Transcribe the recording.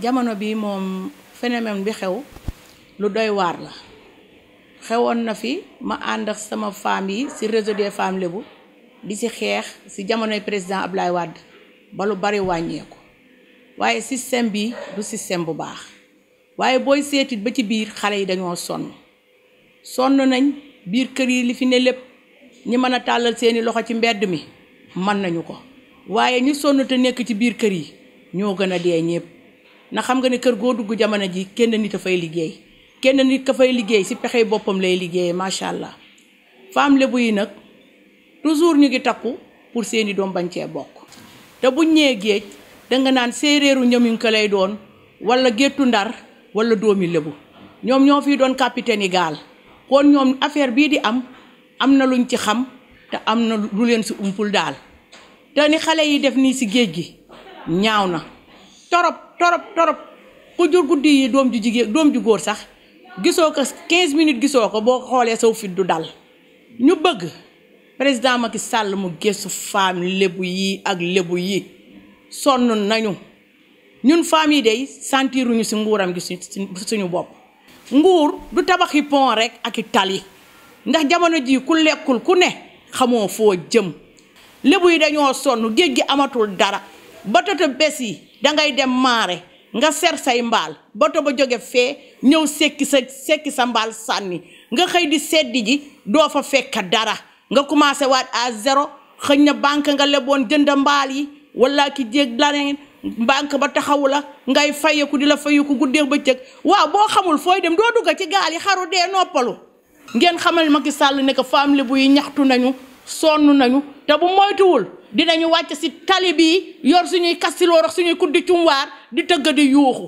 jamono bi moom phénomène bi xew lu doy waar la xewoon na fi ma ànd sama femme yi ci réseau de femmes lébu di ci xeex ci jamonoy président Abdoulaye wàdd ba lu bari wàññeeku waaye système bi du système bu baax waaye booy seetit ba ci biir xale yi dañoo sonn sonn nañ biir kër yi li fi ne lépp ñi mën a tàllal seeni loxo ci mbedd mi mën nañu ko waaye ñu sonn te nekk ci biir kër yi ñoo gën a dee ñépp ndax xam nga ne kër goo dugg jamono ji kenn nit a fay liggéey kenn nit ka fay liggéey si pexey boppam lay liggéeyee macha allah femme lébu yi nag toujours ñu ngi takku pour seeni doom bañ cee bokk te buñ ñëwee géej danga naan séeréeru ñamuñ ko lay doon wala géttu ndar wala doomi lébu ñoom ñoo fi doon capitaine yi gaal kon ñoom affaire bii di am am na luñ ci xam te am na lu leen si umpul daal te ni xale yi def nii si géej gi ñaaw na torop torop torop ku jur guddi yi doom ju jigéen doom ju góor sax gisoo ko 15 minutes gisoo ko boo xoolee saw fit du dal ñu bëgg président Macky Sall mu gëstu femme lébu yi ak lébu yi sonn nañu ñun femme yi dey sentiruñu si nguuram gi suñu bopp nguur du tabaxi pont rek ak i tali ndax jamono ji ku lekkul ku ne xamoo foo jëm lébu yi dañoo sonn géej gi amatul dara bato bes bés yi dangay dem maare nga ser say mbaal bato ba jóge fee ñëw sekki sa sekki sa mbaal sànni nga xëy di seddi ji doo fa fekk dara nga commencé waat à zéro xëy na banque nga leboon jënd mbaal yi wala ki jéeg laneen banque ba taxawu la ngay ku di la fayeku ba bëccëg waaw boo xamul fooy dem doo dugg ci gaal yi xaru dee noppalu ngeen xamal Macky Sall ne que famille bu yi ñaxtu nañu sonn nañu te bu moytuwul dinañu wàcc si tali bi yor suñuy kastiloo ak suñuy kuddi cumwaar di tëgg di yuuxu